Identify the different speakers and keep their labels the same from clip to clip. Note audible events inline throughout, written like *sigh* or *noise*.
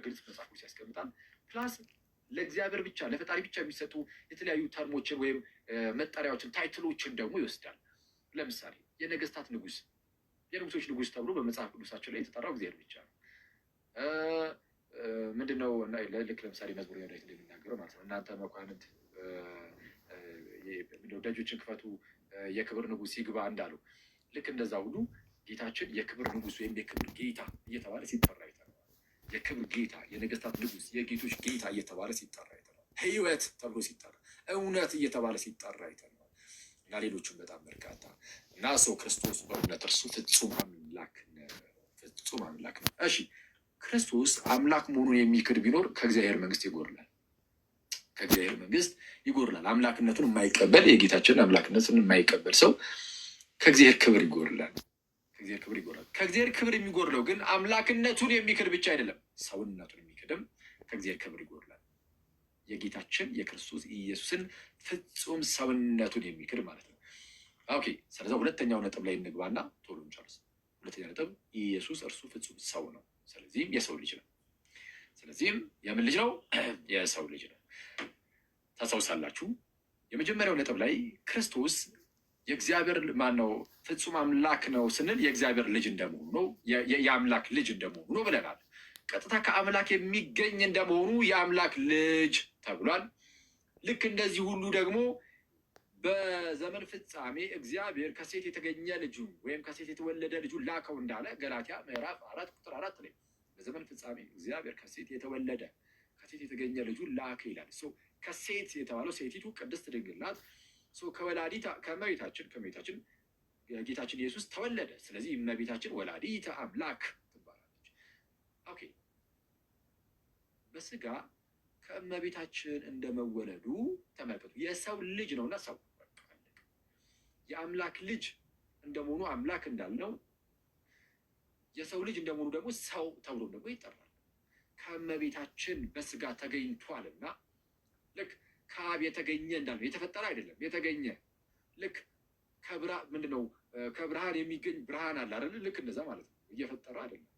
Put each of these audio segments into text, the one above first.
Speaker 1: በግልጽ ተጻፎ ሲያስቀምጣል። ፕላስ ለእግዚአብሔር ብቻ ለፈጣሪ ብቻ የሚሰጡ የተለያዩ ተርሞችን ወይም መጠሪያዎችን ታይትሎችን ደግሞ ይወስዳል። ለምሳሌ የነገስታት ንጉስ፣ የንጉሶች ንጉስ ተብሎ በመጽሐፍ ቅዱሳችን ላይ የተጠራው እግዚአብሔር ብቻ ነው። ምንድነው? ልክ ለምሳሌ መዝሙር ዳዊት እንደሚናገረው ማለት ነው እናንተ መኳንንት ደጆችን ክፈቱ የክብር ንጉስ ይግባ እንዳሉ ልክ እንደዛ ሁሉ ጌታችን የክብር ንጉስ ወይም የክብር ጌታ እየተባለ ሲጠራ የክብር ጌታ፣ የነገስታት ንጉስ፣ የጌቶች ጌታ እየተባለ ሲጠራ አይተናል። ህይወት ተብሎ ሲጠራ፣ እውነት እየተባለ ሲጠራ አይተናል እና ሌሎቹም በጣም በርካታ እና ሰው ክርስቶስ በእውነት እርሱ ፍጹም አምላክ ፍጹም አምላክ ነው። እሺ ክርስቶስ አምላክ መሆኑን የሚክድ ቢኖር ከእግዚአብሔር መንግስት ይጎርላል፣ ከእግዚአብሔር መንግስት ይጎርላል። አምላክነቱን የማይቀበል የጌታችንን አምላክነትን የማይቀበል ሰው ከእግዚአብሔር ክብር ይጎርላል። ከእግዚአብሔር ክብር ይጎድላል። ከእግዚአብሔር ክብር የሚጎድለው ግን አምላክነቱን የሚክድ ብቻ አይደለም፣ ሰውነቱን የሚክድም ከእግዚአብሔር ክብር ይጎድላል። የጌታችን የክርስቶስ ኢየሱስን ፍጹም ሰውነቱን የሚክድ ማለት ነው። ኦኬ፣ ስለዚ ሁለተኛው ነጥብ ላይ እንግባና ቶሎ እንጨርስ። ሁለተኛ ነጥብ ኢየሱስ እርሱ ፍጹም ሰው ነው፣ ስለዚህም የሰው ልጅ ነው። ስለዚህም የምን ልጅ ነው? *clears throat* የሰው ልጅ ነው። ታስታውሳላችሁ የመጀመሪያው ነጥብ ላይ ክርስቶስ የእግዚአብሔር ማን ነው? ፍጹም አምላክ ነው ስንል የእግዚአብሔር ልጅ እንደመሆኑ የአምላክ ልጅ እንደመሆኑ ብለናል። ቀጥታ ከአምላክ የሚገኝ እንደመሆኑ የአምላክ ልጅ ተብሏል። ልክ እንደዚህ ሁሉ ደግሞ በዘመን ፍጻሜ እግዚአብሔር ከሴት የተገኘ ልጁ ወይም ከሴት የተወለደ ልጁ ላከው እንዳለ ገላትያ ምዕራፍ አራት ቁጥር አራት ላይ በዘመን ፍጻሜ እግዚአብሔር ከሴት የተወለደ ከሴት የተገኘ ልጁ ላከ ይላል። ከሴት የተባለው ሴቲቱ ቅድስት ድንግል ናት። ከወላዲታ ከእመቤታችን ከእመቤታችን ጌታችን ኢየሱስ ተወለደ። ስለዚህ እመቤታችን ወላዲተ አምላክ ትባላለች። ኦኬ በስጋ ከእመቤታችን እንደመወለዱ ተመልከቱ። የሰው ልጅ ነውና ሰው የአምላክ ልጅ እንደመሆኑ አምላክ እንዳልነው የሰው ልጅ እንደመሆኑ ደግሞ ሰው ተብሎ ደግሞ ይጠራል። ከእመቤታችን በስጋ ተገኝቷልና ልክ ከአብ የተገኘ እንዳለ የተፈጠረ አይደለም፣ የተገኘ ልክ ከብራ ምንድነው ከብርሃን የሚገኝ ብርሃን አለ አይደል? ልክ እንደዛ ማለት ነው። እየፈጠረ አይደለም፣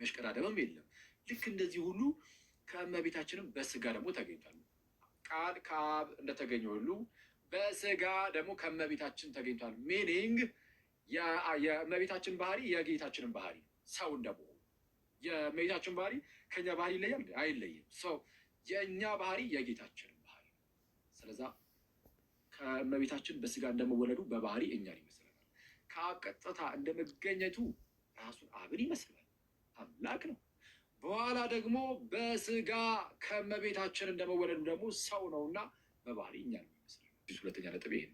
Speaker 1: መሽቀዳደምም የለም። ልክ እንደዚህ ሁሉ ከእመቤታችንም በስጋ ደግሞ ተገኝቷል። ቃል ከአብ እንደተገኘ ሁሉ በስጋ ደግሞ ከእመቤታችን ተገኝቷል። ሚኒንግ የእመቤታችን ባህሪ የጌታችንን ባህሪ ሰው እንደመሆኑ የእመቤታችን ባህሪ ከኛ ባህሪ ይለያል? አይለይም። ሰው የእኛ ባህሪ የጌታችን ስለዛ ከእመቤታችን በስጋ እንደመወለዱ በባህሪ እኛን ይመስለናል። ከአብ ቀጥታ እንደመገኘቱ ራሱን አብን ይመስላል። አምላክ ነው። በኋላ ደግሞ በስጋ ከእመቤታችን እንደመወለዱ ደግሞ ሰው ነውና በባህሪ እኛን ይመስላል። ሁለተኛ ነጥብ ይሄ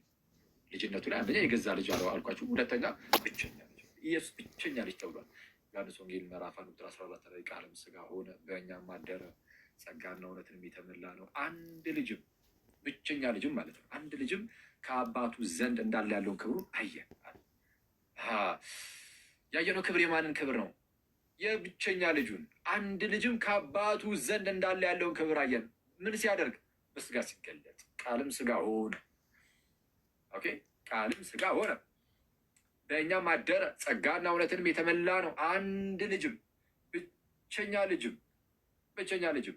Speaker 1: ልጅነቱ ላይ አንደኛ የገዛ ልጅ አለው አልኳችሁ። ሁለተኛ ብቸኛ ልጅ ኢየሱስ ብቸኛ ልጅ ተብሏል። ዮሐንስ ወንጌል ምዕራፍ አንድ ቁጥር አስራ አራት ላይ ቃልም ስጋ ሆነ በእኛም አደረ ጸጋና እውነትን የተመላ ነው አንድ ልጅም ብቸኛ ልጅም ማለት ነው። አንድ ልጅም ከአባቱ ዘንድ እንዳለ ያለውን ክብሩ አየ። ያየነው ክብር የማንን ክብር ነው? የብቸኛ ልጁን። አንድ ልጅም ከአባቱ ዘንድ እንዳለ ያለውን ክብር አየን። ምን ሲያደርግ? በስጋ ሲገለጥ ቃልም ስጋ ሆነ። ኦኬ ቃልም ስጋ ሆነ፣ በእኛም አደረ፣ ጸጋና እውነትንም የተመላ ነው። አንድ ልጅም ብቸኛ ልጅም ብቸኛ ልጅም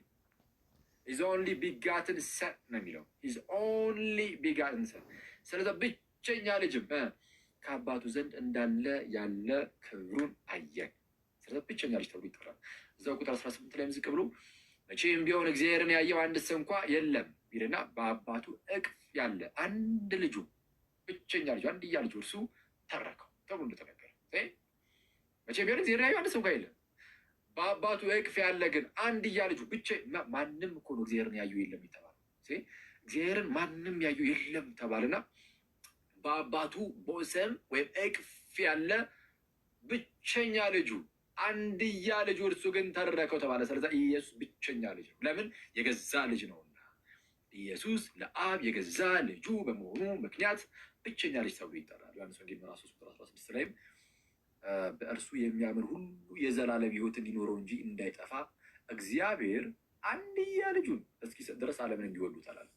Speaker 1: ኢዝ ኦንሊ ቢጋትን ሰን ነው የሚለው። ኢዝ ኦንሊ ቢጋትን ሰን ስለዚ ብቸኛ ልጅም ከአባቱ ዘንድ እንዳለ ያለ ክብሩን አየን። ስለዚ ብቸኛ ልጅ ተብሎ ይጠራል። እዛው ቁጥር አስራ ስምንት ላይ ዝቅ ብሎ መቼም ቢሆን እግዚአብሔርን ያየው አንድ እንኳ የለም ይልና በአባቱ እቅፍ ያለ አንድ ልጁ ብቸኛ ልጁ አንድያ ልጁ እርሱ ተረከው ተብሎ እንደተነገረ መቼም ቢሆን እግዚአብሔርን ያየው አንድ እንኳ የለም። በአባቱ እቅፍ ያለ ግን አንድያ ልጁ ብቻ ማንም እኮ ነው እግዚአብሔርን ያዩ የለም የተባለ እግዚአብሔርን ማንም ያዩ የለም ተባልና በአባቱ በሰም ወይም እቅፍ ያለ ብቸኛ ልጁ አንድያ ልጁ እርሱ ግን ተረከው ተባለ። ስለዛ ኢየሱስ ብቸኛ ልጅ ነው። ለምን? የገዛ ልጅ ነውና። ኢየሱስ ለአብ የገዛ ልጁ በመሆኑ ምክንያት ብቸኛ ልጅ ተብሎ ይጠራል። ዮሐንስ ወንጌል ምዕራፍ 3 ቁጥር 16 ላይም በእርሱ የሚያምን ሁሉ የዘላለም ህይወት እንዲኖረው እንጂ እንዳይጠፋ እግዚአብሔር አንድያ ልጁን እስኪሰጥ ድረስ ዓለምን እንዲወዱት አላለ።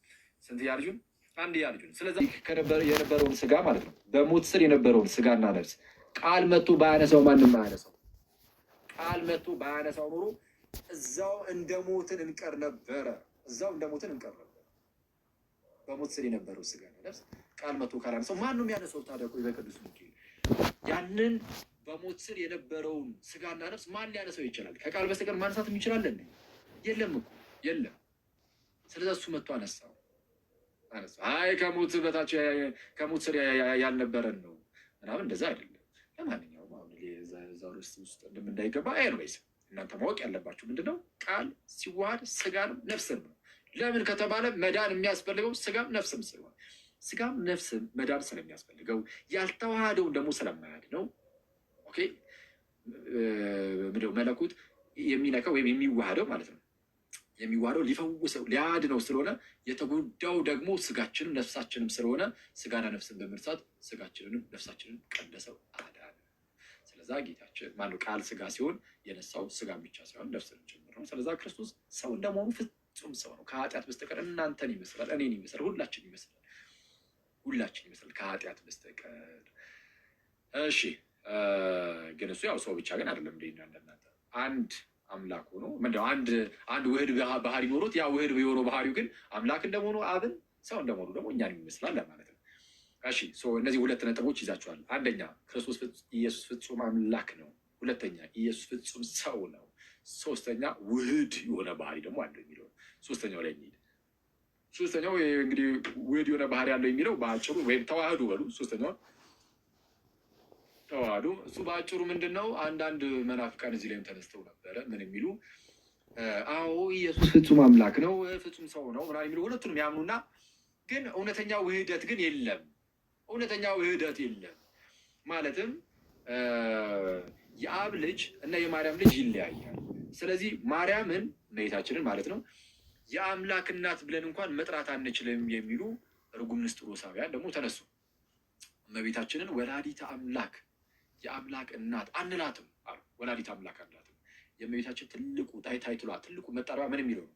Speaker 1: ስንትያ ልጁን? አንድያ ልጁን። ስለዚህ የነበረውን ስጋ ማለት ነው፣ በሞት ስር የነበረውን ስጋና ነፍስ ቃል መቶ ባያነሳው ማንም አያነሳው። ቃል መቶ ባያነሳው ኖሮ እዛው እንደ ሞትን እንቀር ነበረ። እዛው እንደ ሞትን እንቀር ነበረ። በሞት ስር የነበረው ስጋና ነፍስ ቃል መቶ ካላነሳው ማን ነው የሚያነሳው ታዲያ? ቆይ በቅዱስ ሚካኤል ያንን በሞት ስር የነበረውን ስጋና ነፍስ ማን ሊያነሳው ይችላል? ከቃል በስተቀር ማንሳት የሚችላለን የለም እኮ የለም። ስለዚ እሱ መጥቶ አነሳው አነሳው። አይ ከሞት በታች ከሞት ስር ያልነበረን ነው ምናምን እንደዛ አይደለም። ለማንኛውም አሁን ዛር ውስጥ ውስጥ እንደምንዳይገባ ኤርዌይስ እናንተ ማወቅ ያለባችሁ ምንድነው ቃል ሲዋሃድ ስጋንም ነፍስን ነው። ለምን ከተባለ መዳን የሚያስፈልገው ስጋም ነፍስም ስለሆነ ስጋም ነፍስም መዳን ስለሚያስፈልገው ያልተዋሃደውን ደግሞ ስለማያድ ነው። ኦኬ መለኮት የሚነካው ወይም የሚዋሃደው ማለት ነው። የሚዋሃደው ሊፈውሰው ነው ስለሆነ የተጎዳው ደግሞ ስጋችንም ነፍሳችንም ስለሆነ ስጋና ነፍስን በመርሳት ስጋችንንም ነፍሳችንን ቀደሰው አዳነ። ስለዛ ጌታችን ማ ቃል ስጋ ሲሆን የነሳው ስጋ ብቻ ሳይሆን ነፍስን ጭምር ነው። ስለዛ ክርስቶስ ሰው እንደመሆኑ ፍጹም ሰው ነው። ከኃጢአት በስተቀር እናንተን ይመስላል፣ እኔን ይመስላል፣ ሁላችን ይመስላል። ሁላችን ይመስላል ከኃጢአት በስተቀር። እሺ ግን እሱ ያው ሰው ብቻ ግን አይደለም። እንደ አንዳንድ አንድ አምላክ ሆኖ ምንድ አንድ አንድ ውህድ ባህሪ ኖሮት ያ ውህድ የሆነው ባህሪው ግን አምላክ እንደመሆኑ አብን ሰው እንደመሆኑ ደግሞ እኛን ይመስላል ለማለት ነው። እሺ እነዚህ ሁለት ነጥቦች ይዛቸዋል አንደኛ ክርስቶስ ኢየሱስ ፍጹም አምላክ ነው። ሁለተኛ ኢየሱስ ፍጹም ሰው ነው። ሶስተኛ ውህድ የሆነ ባህሪ ደግሞ አለው የሚለው ሶስተኛው ላይ ሶስተኛው እንግዲህ ውህድ የሆነ ባህሪ ያለው የሚለው በአጭሩ ወይም ተዋህዱ በሉ ሶስተኛው ተዋህዱ እሱ በአጭሩ ምንድን ነው? አንዳንድ መናፍቃን እዚህ ላይም ተነስተው ነበረ። ምን የሚሉ አዎ ኢየሱስ ፍጹም አምላክ ነው፣ ፍጹም ሰው ነው ምናምን የሚሉ ሁለቱንም ያምኑና ግን እውነተኛ ውህደት ግን የለም። እውነተኛ ውህደት የለም ማለትም የአብ ልጅ እና የማርያም ልጅ ይለያያል። ስለዚህ ማርያምን እመቤታችንን ማለት ነው የአምላክ እናት ብለን እንኳን መጥራት አንችልም የሚሉ ርጉም ንስጥሮሳውያን ደግሞ ተነሱ። እመቤታችንን ወላዲተ አምላክ የአምላክ እናት አንላትም አሉ። ወላዲተ አምላክ አንላትም። የእመቤታችን ትልቁ ታይታይትሏ ትልቁ መጠሪያ ምን የሚለው ነው?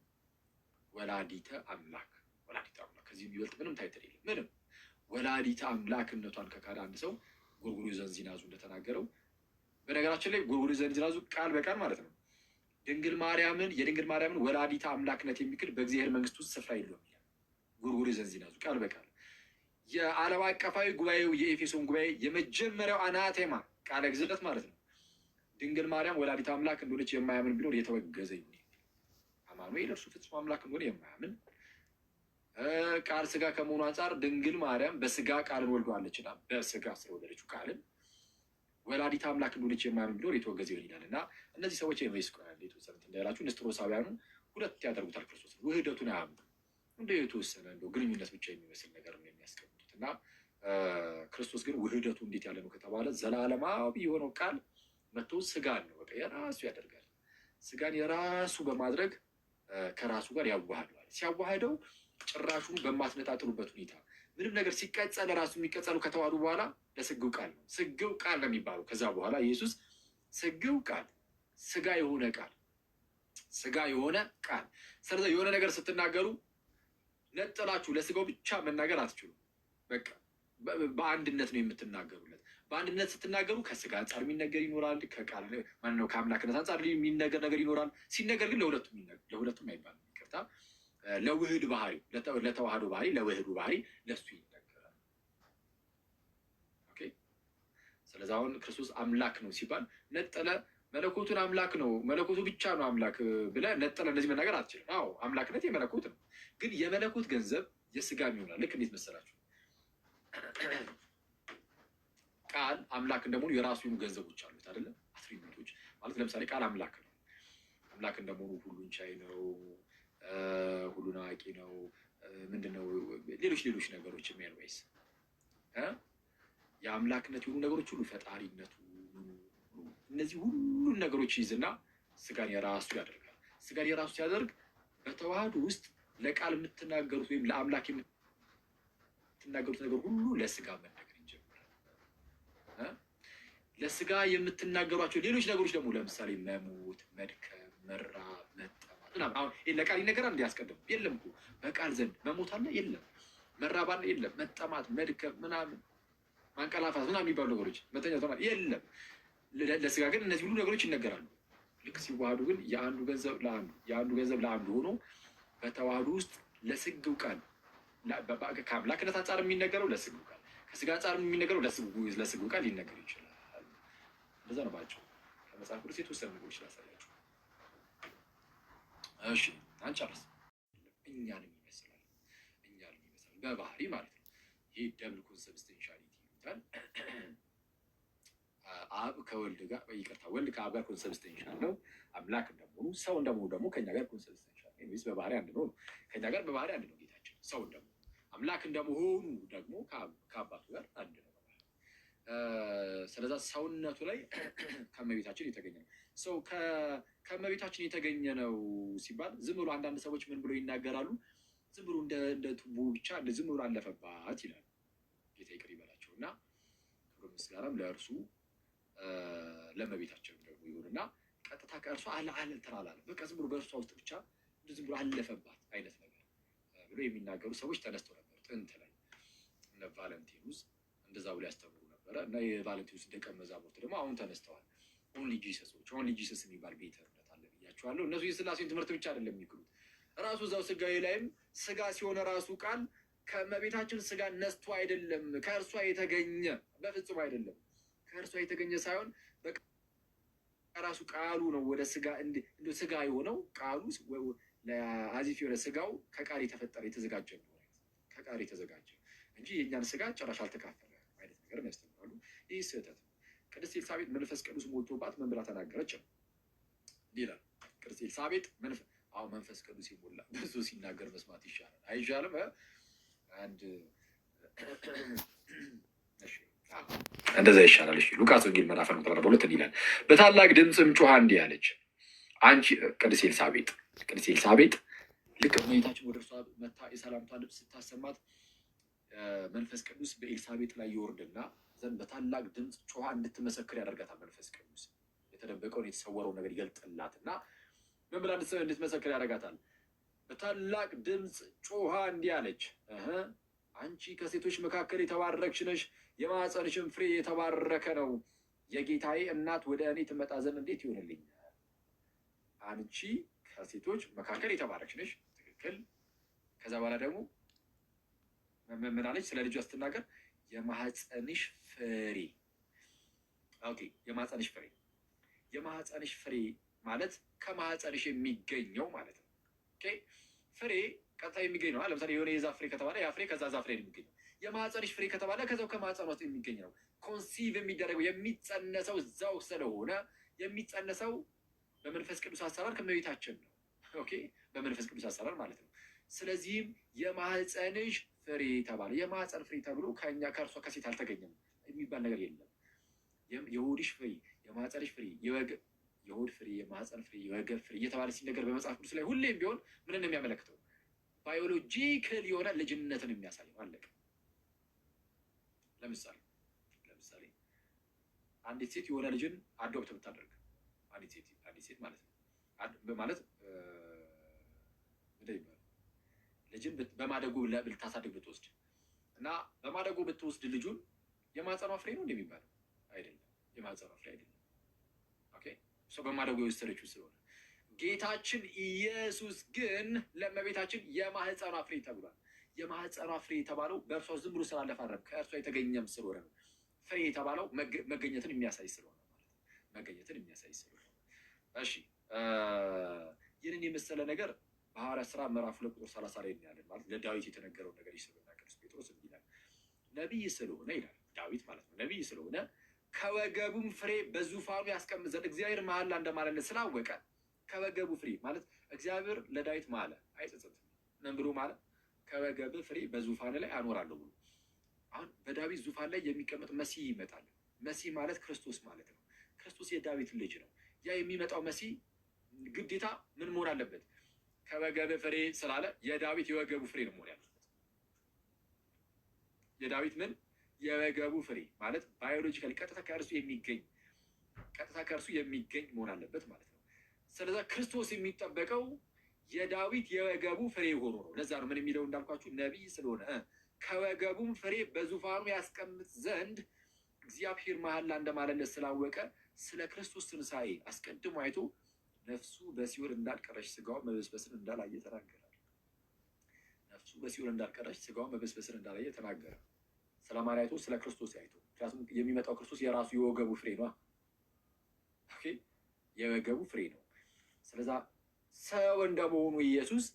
Speaker 1: ወላዲተ አምላክ ወላዲተ አምላክ። ከዚህ የሚበልጥ ምንም ታይትል የለም። ምንም ወላዲተ አምላክነቷን ከካደ አንድ ሰው ጎርጎርዮስ ዘንዚናዙ እንደተናገረው በነገራችን ላይ ጎርጎርዮስ ዘንዚናዙ ቃል በቃል ማለት ነው ድንግል ማርያምን የድንግል ማርያምን ወላዲተ አምላክነት የሚክድ በእግዚአብሔር መንግስት ውስጥ ስፍራ የለውም ይላል ጉርጉር ዘንዚናዙ ቃል በቃል የዓለም አቀፋዊ ጉባኤው የኤፌሶን ጉባኤ የመጀመሪያው አናቴማ ቃለ ግዝለት ማለት ነው። ድንግል ማርያም ወላዲት አምላክ እንደሆነች የማያምን ቢኖር የተወገዘ ይሁን። አማኑኤል እርሱ ፍጹም አምላክ እንደሆነ የማያምን ቃል ስጋ ከመሆኑ አንጻር ድንግል ማርያም በስጋ ቃልን ወልደዋለችና በስጋ ስለወለደችው ቃልን ወላዲት አምላክ ሉልች የማያምን ቢኖር የተወገዘ ይሆን ይላል እና እነዚህ ሰዎች ኤምኤስ የተወሰኑት እንዳላችሁ ንስጥሮሳውያኑ ሁለት ያደርጉታል ክርስቶስ ውህደቱን አያምኑ እንደ የተወሰነ እንደ ግንኙነት ብቻ የሚመስል ነገር ነው የሚያስቀምጡት እና ክርስቶስ ግን ውህደቱ እንዴት ያለ ነው ከተባለ ዘላለማዊ የሆነው ቃል መጥቶ ስጋን ነው በቃ የራሱ ያደርጋል። ስጋን የራሱ በማድረግ ከራሱ ጋር ያዋህደዋል። ሲያዋህደው ጭራሹን በማትነጣጥሉበት ሁኔታ ምንም ነገር ሲቀጸል ራሱ የሚቀጸሉ ከተዋሉ በኋላ ለስግው ቃል ነው። ስግው ቃል ነው የሚባለው። ከዛ በኋላ ኢየሱስ ስግው ቃል ስጋ የሆነ ቃል ስጋ የሆነ ቃል። ስለዚ የሆነ ነገር ስትናገሩ ነጥላችሁ ለስጋው ብቻ መናገር አትችሉም። በቃ በአንድነት ነው የምትናገሩለት። በአንድነት ስትናገሩ ከስጋ አንጻር የሚነገር ይኖራል፣ ከቃል ማነው ከአምላክነት አንጻር የሚነገር ነገር ይኖራል። ሲነገር ግን ለሁለቱም ለሁለቱም አይባልም። ይቅርታ ለውህድ ባህሪ ለተዋህዶ ባህሪ ለውህዱ ባህሪ ለሱ ይነገራል። ስለዚ አሁን ክርስቶስ አምላክ ነው ሲባል ነጠለ መለኮቱን አምላክ ነው መለኮቱ ብቻ ነው አምላክ ብለ ነጠለ እንደዚህ መናገር አትችልም። አዎ አምላክነት የመለኮት ነው፣ ግን የመለኮት ገንዘብ የስጋም ይሆናል። ልክ እንዴት መሰላችሁ? ቃል አምላክ እንደመሆኑ የራሱ የሆኑ ገንዘቦች አሉት አይደለም? አትሪቢዩቶች ማለት ለምሳሌ ቃል አምላክ ነው። አምላክ እንደመሆኑ ሁሉን ቻይ ነው ሁሉን አዋቂ ነው ምንድነው ሌሎች ሌሎች ነገሮች የሚያልባይስ የአምላክነት የሆኑ ነገሮች ሁሉ ፈጣሪነቱ እነዚህ ሁሉን ነገሮች ይዝና ስጋን የራሱ ያደርጋል። ስጋን የራሱ ሲያደርግ በተዋህዶ ውስጥ ለቃል የምትናገሩት ወይም ለአምላክ የምትናገሩት ነገር ሁሉ ለስጋ መናገር ይጀምራል። ለስጋ የምትናገሯቸው ሌሎች ነገሮች ደግሞ ለምሳሌ መሞት፣ መድከ ይሆናል። አሁን ለቃል ይነገራል እንዲያስቀድም የለም እኮ በቃል ዘንድ መሞት አለ የለም፣ መራብ አለ የለም፣ መጠማት፣ መድከም፣ ምናምን ማንቀላፋት ምናምን የሚባሉ ነገሮች መተኛ ተማ የለም። ለስጋ ግን እነዚህ ሁሉ ነገሮች ይነገራሉ። ልክ ሲዋህዱ ግን የአንዱ ገንዘብ ለአንዱ የአንዱ ገንዘብ ለአንዱ ሆኖ በተዋህዱ ውስጥ ለስግው ቃል ከአምላክነት አንጻር የሚነገረው ለስግው ቃል ከስጋ አንጻር የሚነገረው ለስግው ቃል ሊነገር ይችላል። እንደዛ ነው ባቸው ከመጽሐፍ ቅዱስ የተወሰነ ነገሮች ላሳያቸው እሺ አንጨርስ እኛን የሚመስላል እኛን የሚመስላል በባህሪ ማለት ነው። ይህ ደብል ኮንሰብስቴንሻሊቲ ይባላል። *clears throat* አብ ከወልድ ጋር ይቅርታ፣ ወልድ ከአብ ጋር ኮንሰብስቴንሻል ነው። አምላክ እንደመሆኑ ሰው እንደመሆኑ ደግሞ ከኛ ጋር ኮንሰብስቴንሻል ነው። በባህሪ አንድ ነው፣ ከኛ ጋር በባህሪ አንድ ነው። ጌታችን ሰው እንደመሆኑ አምላክ እንደመሆኑ ደግሞ ከአባቱ ጋር አንድ ነው። *clears throat* ስለዛ ሰውነቱ ላይ *clears throat* ከመቤታችን የተገኘ ነው። ሰው ከእመቤታችን የተገኘ ነው ሲባል ዝም ብሎ አንዳንድ ሰዎች ምን ብሎ ይናገራሉ? ዝም ብሎ እንደ ቱቦ ብቻ እንደ ዝም ብሎ አለፈባት ይላል። ጌታ ይቅር ይበላቸው እና ክብር ምስጋናም ለእርሱ ለእመቤታችን ደግሞ ይሁን እና ቀጥታ ከእርሷ አለአለ ተራላለ በቃ ዝም ብሎ በእርሷ ውስጥ ብቻ ዝም ብሎ አለፈባት አይነት ነገር ብሎ የሚናገሩ ሰዎች ተነስተው ነበር። ጥንት ላይ እነ ቫለንቲኑስ እንደዛ ብሎ ያስተምሩ ነበረ እና የቫለንቲኑስ ደቀ መዛሙርት ደግሞ አሁን ተነስተዋል። ኦንሊ ጂሰሶች ኦንሊ ጂሰስ የሚባል ቤተ እምነት አለ ብያቸዋለሁ። እነሱ የስላሴን ትምህርት ብቻ አይደለም የሚክሉት ራሱ እዛው ስጋዊ ላይም ስጋ ሲሆነ ራሱ ቃል ከመቤታችን ስጋ ነስቶ አይደለም፣ ከእርሷ የተገኘ በፍጹም አይደለም። ከእርሷ የተገኘ ሳይሆን ራሱ ቃሉ ነው ወደ ስጋ ስጋ የሆነው ቃሉ ለአዚፍ የሆነ ስጋው ከቃል የተፈጠረ የተዘጋጀ ነው ከቃል የተዘጋጀ እንጂ የእኛን ስጋ ጭራሽ አልተካፈለ አይነት ነገር ያስተምራሉ። ይህ ስህተት ቅድስት ኤልሳቤጥ መንፈስ ቅዱስ ሞልቶባት ምን ብላ ተናገረች? ይላል ቅድስት ኤልሳቤጥ አሁን መንፈስ ቅዱስ ይሞላ ብዙ ሲናገር መስማት ይሻላል አይሻልም? አንድ *clears throat* እንደዛ ይሻላል። እሺ ሉቃስ ወንጌል ምዕራፍ አርባ ሁለት ይላል በታላቅ ድምፅም ጮኻ እንዲህ አለች፣ አንቺ ቅድስት ኤልሳቤጥ ቅድስት ኤልሳቤጥ ልክ እመቤታችን ወደ እርሷ መታ የሰላምቷ ልብስ ስታሰማት መንፈስ ቅዱስ በኤልሳቤጥ ላይ ይወርድና ዘንድ በታላቅ ድምፅ ጮኋ እንድትመሰክር ያደርጋታል። መንፈስ ቅዱስ የተደበቀውን የተሰወረውን ነገር ይገልጥላት እና ምን ብላ እንድትመሰክር ያደርጋታል? በታላቅ ድምፅ ጮኋ እንዲህ አለች፣ አንቺ ከሴቶች መካከል የተባረክሽ ነሽ፣ የማኅፀንሽን ፍሬ የተባረከ ነው። የጌታዬ እናት ወደ እኔ ትመጣ ዘንድ እንዴት ይሆንልኛል? አንቺ ከሴቶች መካከል የተባረክሽ ነሽ። ትክክል። ከዛ በኋላ ደግሞ ምን አለች? ስለ ልጇ ስትናገር የማህፀንሽ ፍሬ ኦኬ፣ የማህፀንሽ ፍሬ የማህፀንሽ ፍሬ ማለት ከማህፀንሽ የሚገኘው ማለት ነው። ኦኬ፣ ፍሬ ቀጥታ የሚገኝ ነው። ለምሳሌ የሆነ የዛፍ ፍሬ ከተባለ ያ ፍሬ ከዛ ዛፍ ፍሬ የሚገኘው። የማህፀንሽ ፍሬ ከተባለ ከዛው ከማህፀን ውስጥ የሚገኝ ነው። ኮንሲቭ የሚደረገው የሚጸነሰው እዛው ስለሆነ የሚጸነሰው በመንፈስ ቅዱስ አሰራር ከመቤታችን ነው። ኦኬ፣ በመንፈስ ቅዱስ አሰራር ማለት ነው። ስለዚህም የማህፀንሽ ፍሬ ተባለ። የማህፀን ፍሬ ተብሎ ከኛ ከእርሷ ከሴት አልተገኘም የሚባል ነገር የለም። የሆድሽ ፍሬ፣ የማህፀንሽ ፍሬ፣ የሆድ ፍሬ፣ የማህፀን ፍሬ፣ የወገብ ፍሬ እየተባለ ሲነገር በመጽሐፍ ቅዱስ ላይ ሁሌም ቢሆን ምንን ነው የሚያመለክተው? ባዮሎጂክል የሆነ ልጅነትን የሚያሳየው አለቀ። ለምሳሌ ለምሳሌ አንዲት ሴት የሆነ ልጅን አዶፕት ብታደርግ አንዲት ሴት ማለት ነው ማለት ልጅን በማደጎ ልታሳድግ ብትወስድ እና በማደጎ ብትወስድ ልጁን የማህፀኗ ፍሬ ነው እንደሚባለው አይደለም፣ የማህፀኗ ፍሬ አይደለም። ኦኬ ሰው በማደጎ የወሰደችው ስለሆነ ጌታችን ኢየሱስ ግን ለመቤታችን የማህፀኗ ፍሬ ተብሏል። የማህፀኗ ፍሬ የተባለው በእርሷ ዝም ብሎ ስላለፈ ከእርሷ የተገኘም ስለሆነ ነው። ፍሬ የተባለው መገኘትን የሚያሳይ ስለሆነ ማለት ነው። መገኘትን የሚያሳይ ስለሆነ እሺ፣ ይህንን የመሰለ ነገር በሐዋርያ ስራ ምዕራፍ ሁለት ቁጥር ሰላሳ ላይ እናያለን። ማለት ለዳዊት የተነገረውን ነገር ይስብና ቅዱስ ጴጥሮስ እንዲህ ይላል፣ ነቢይ ስለሆነ ይላል ዳዊት ማለት ነው። ነቢይ ስለሆነ ከወገቡም ፍሬ በዙፋኑ ያስቀምጥ ዘንድ እግዚአብሔር መሐላ እንደማለለት ስላወቀ ከወገቡ ፍሬ ማለት እግዚአብሔር ለዳዊት ማለ አይጸጸትም። ምን ብሎ ማለ? ከወገብ ፍሬ በዙፋን ላይ አኖራለሁ ብሎ። አሁን በዳዊት ዙፋን ላይ የሚቀመጥ መሲህ ይመጣል። መሲህ ማለት ክርስቶስ ማለት ነው። ክርስቶስ የዳዊት ልጅ ነው። ያ የሚመጣው መሲህ ግዴታ ምን መሆን አለበት? ከበገብ ፍሬ ስላለ የዳዊት የወገቡ ፍሬ ነው መሆን ያለበት። የዳዊት ምን የወገቡ ፍሬ ማለት ባዮሎጂካሊ ቀጥታ ከእርሱ የሚገኝ ቀጥታ ከእርሱ የሚገኝ መሆን አለበት ማለት ነው። ስለዛ ክርስቶስ የሚጠበቀው የዳዊት የወገቡ ፍሬ ሆኖ ነው። ለዛ ነው ምን የሚለው እንዳልኳችሁ ነቢይ ስለሆነ ከወገቡም ፍሬ በዙፋኑ ያስቀምጥ ዘንድ እግዚአብሔር መሐላ እንደማለለት ስላወቀ ስለ ክርስቶስ ትንሣኤ አስቀድሞ አይቶ ነፍሱ በሲኦል እንዳልቀረች ስጋው መበስበስን እንዳላየ ተናገረ። ነፍሱ በሲኦል እንዳልቀረች ስጋው መበስበስን እንዳላየ ተናገረ። ስለ ስለ ክርስቶስ ያይቶ ምክንያቱም የሚመጣው ክርስቶስ የራሱ የወገቡ ፍሬ ነው። ኦኬ፣ የወገቡ ፍሬ ነው። ስለዛ ሰው እንደመሆኑ ኢየሱስ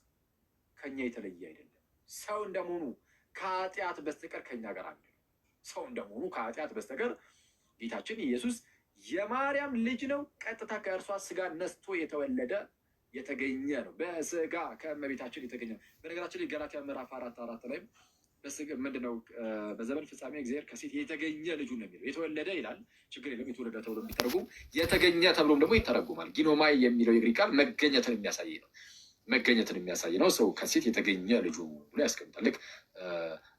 Speaker 1: ከኛ የተለየ አይደለም። ሰው እንደመሆኑ ከኃጢአት በስተቀር ከኛ ጋር አንድ ነው። ሰው እንደመሆኑ ከኃጢአት በስተቀር ጌታችን ኢየሱስ የማርያም ልጅ ነው። ቀጥታ ከእርሷ ስጋ ነስቶ የተወለደ የተገኘ ነው። በስጋ ከእመቤታችን የተገኘ ነው። በነገራችን ላይ ገላትያ ምዕራፍ አራት አራት ላይም ምንድነው በዘመን ፍጻሜ እግዚአብሔር ከሴት የተገኘ ልጁ ነው የሚለው የተወለደ ይላል። ችግር የለም የተወለደ ተብሎ የሚተረጉም የተገኘ ተብሎም ደግሞ ይተረጉማል። ጊኖማይ የሚለው የግሪክ ቃል መገኘትን የሚያሳይ ነው። መገኘትን የሚያሳይ ነው። ሰው ከሴት የተገኘ ልጁ ብሎ ያስቀምጣል። ልክ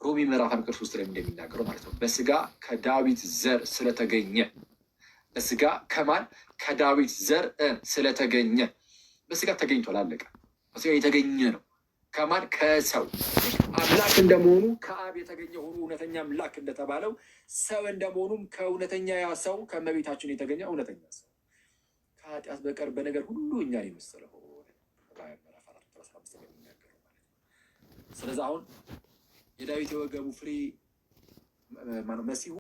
Speaker 1: ሮሚ ምዕራፍ አንድ ቁጥር ሶስት ላይ እንደሚናገረው ማለት ነው። በስጋ ከዳዊት ዘር ስለተገኘ በስጋ ከማን ከዳዊት ዘር ስለተገኘ በስጋ ተገኝቷል። አለቀ። በስጋ የተገኘ ነው። ከማን ከሰው አምላክ እንደመሆኑ ከአብ የተገኘ ሆኖ እውነተኛ አምላክ እንደተባለው ሰው እንደመሆኑም ከእውነተኛ ያ ሰው ከመቤታችን የተገኘ እውነተኛ ሰው ከኃጢአት በቀር በነገር ሁሉ እኛ የመሰለው ሆኖ ስለዚህ አሁን የዳዊት የወገቡ ፍሬ መሲሁ